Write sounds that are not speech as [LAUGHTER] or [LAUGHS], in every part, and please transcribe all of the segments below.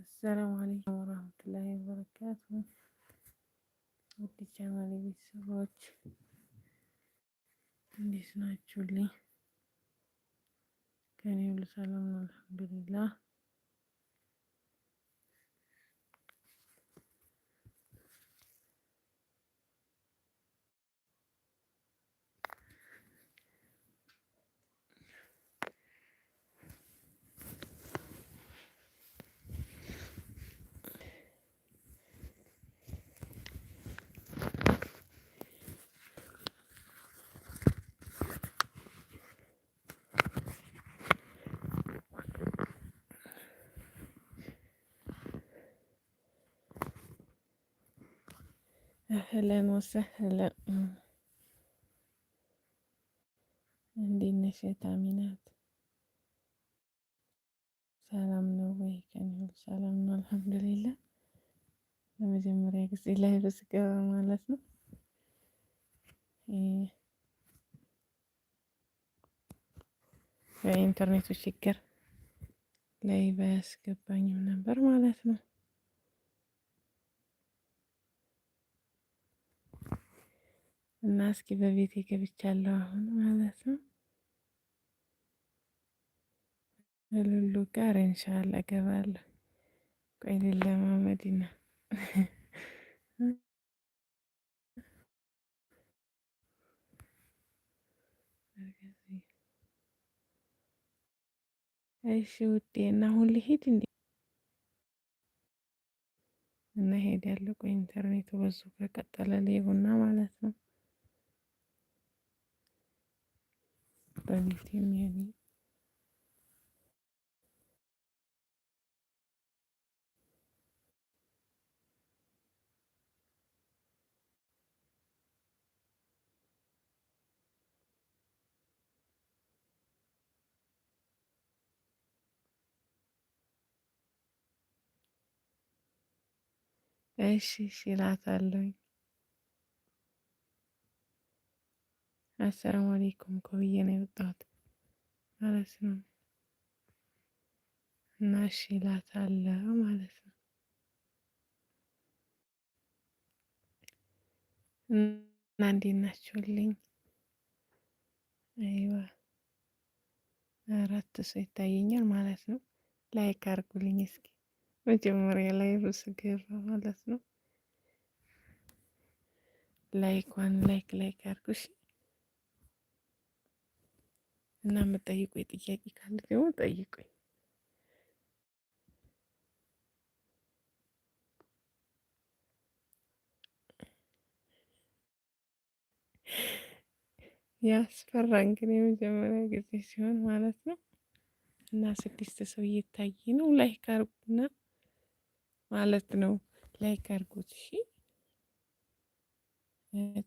አሰላሙ አለይኩም ወራህመቱላሂ ወበረካቱ። ውድ ቻናል ቤተሰቦች እንዴት ናችሁልኝ? ከኔ ሁሉ ሰላም ነው፣ አልሐምዱሊላህ እህለን ወሰህለን እንዴት ነሽ እህታሜ ሰላም ነው ወይ? ከኔ ሰላም ነው አልሐምዱሊላህ። ለመጀመሪያ ጊዜ ላይ ብስገባ ማለት ነው። በኢንተርኔቱ ችግር ላይ ባያስገባኝም ነበር ማለት ነው። እና እስኪ በቤት ገብቻለሁ አሁን ማለት ነው። ለሉሉ ጋር እንሻላ ገባለሁ። ቆይ ለማመዲና [LAUGHS] እሺ ውዴ እና አሁን ልሄድ እንዴ? እና ሄድ ሄዳለሁ። ቆይ ኢንተርኔቱ በዙ ከቀጠለ ሌቡና ማለት ነው። بألفين يعني ايش شي لا تعلم السلام عليكم كوية ማለት ነው። እና እሺ እላታለሁ ማለት ነው። እና እንዴት ናችሁልኝ? አይዋ አራት ሰው ይታየኛል ማለት ነው። ላይክ አድርጉልኝ እስኪ መጀመሪያ ላይ ስገባ ማለት ነው። ላይክ ዋን ላይክ ላይክ አድርጉ እና የምጠይቁኝ ጥያቄ ካለ ደግሞ ጠይቁኝ። ያስፈራ እንግዲህ የመጀመሪያ ጊዜ ሲሆን ማለት ነው። እና ስድስት ሰው እየታየ ነው። ላይክ አርጉና ማለት ነው። ላይክ አርጉት። እሺ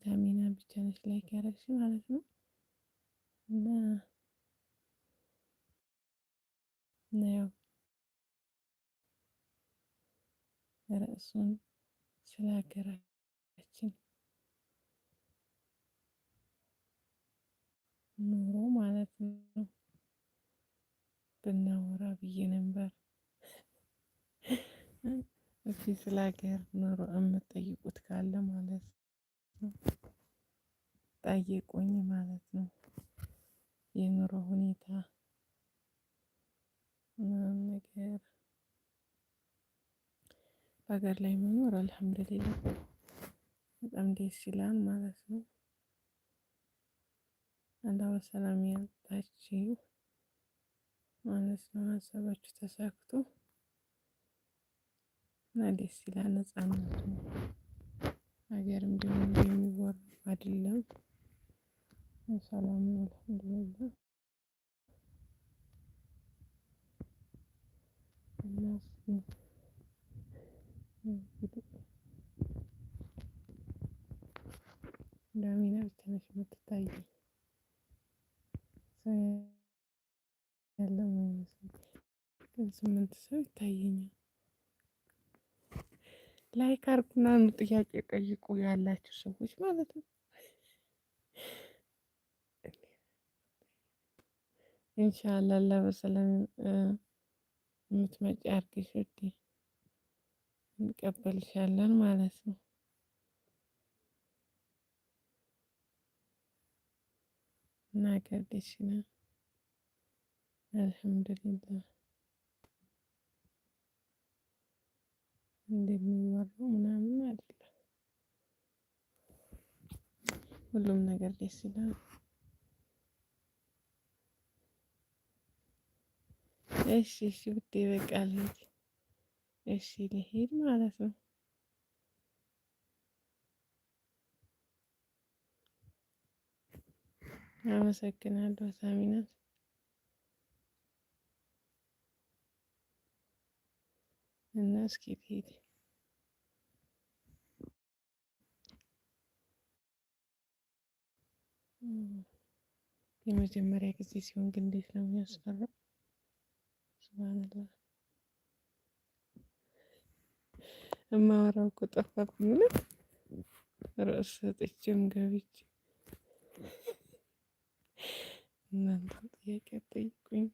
ታሚና ብቻ ነች ላይክ ያረግሽ ማለት ነው እና ያው ርዕሱን ስለ ሀገራችን ኑሮ ማለት ነው ብናወራ ብዬ ነበር። እስኪ ስለ ሀገር ኑሮ የምትጠይቁት ካለ ማለት ነው ጠይቁኝ ማለት ነው የኑሮ ሁኔታ ምንም ነገር በሀገር ላይ መኖር አልሐምዱሊላህ በጣም ደስ ይላል ማለት ነው። አላህ ሰላም ያምጣችሁ ማለት ነው። ሀሳባችሁ ተሳክቶ እና ደስ ይላል። ነጻነቱ ሀገርም ደግሞ የሚወራ አይደለም። ሰላም ነው አልሐምዱሊላህ። ትንሽ የምትታይ ሰው ያለው ስምንት ሰው ይታየኛል። ላይክ አርጉና ጥያቄ ጠይቁ ያላችሁ ሰዎች ማለት ነው። ኢንሻአላ አላህ በሰላም የምትመጪ አርገሽ ወዴ እንቀበልሻለን ማለት ነው። መናገር ደስ ይላል። አልሐምዱሊላህ እንደሚወራው ምናምን አይደለም። ሁሉም ነገር ደስ ይላል። እሺ እሺ ብቴ በቃ ልሄድ። እሺ ልሄድ ማለት ነው። አመሰግናለሁ ሳሚናት። እና እስኪ ትሄድ የመጀመሪያ ጊዜ ሲሆን ግን እንዴት ነው የሚያስፈራው? ስብሃንላህ እማወራው እኮ ጠፋብኝ። ርዕስ ሰጥቼም ገብቼ and then put the egg at the green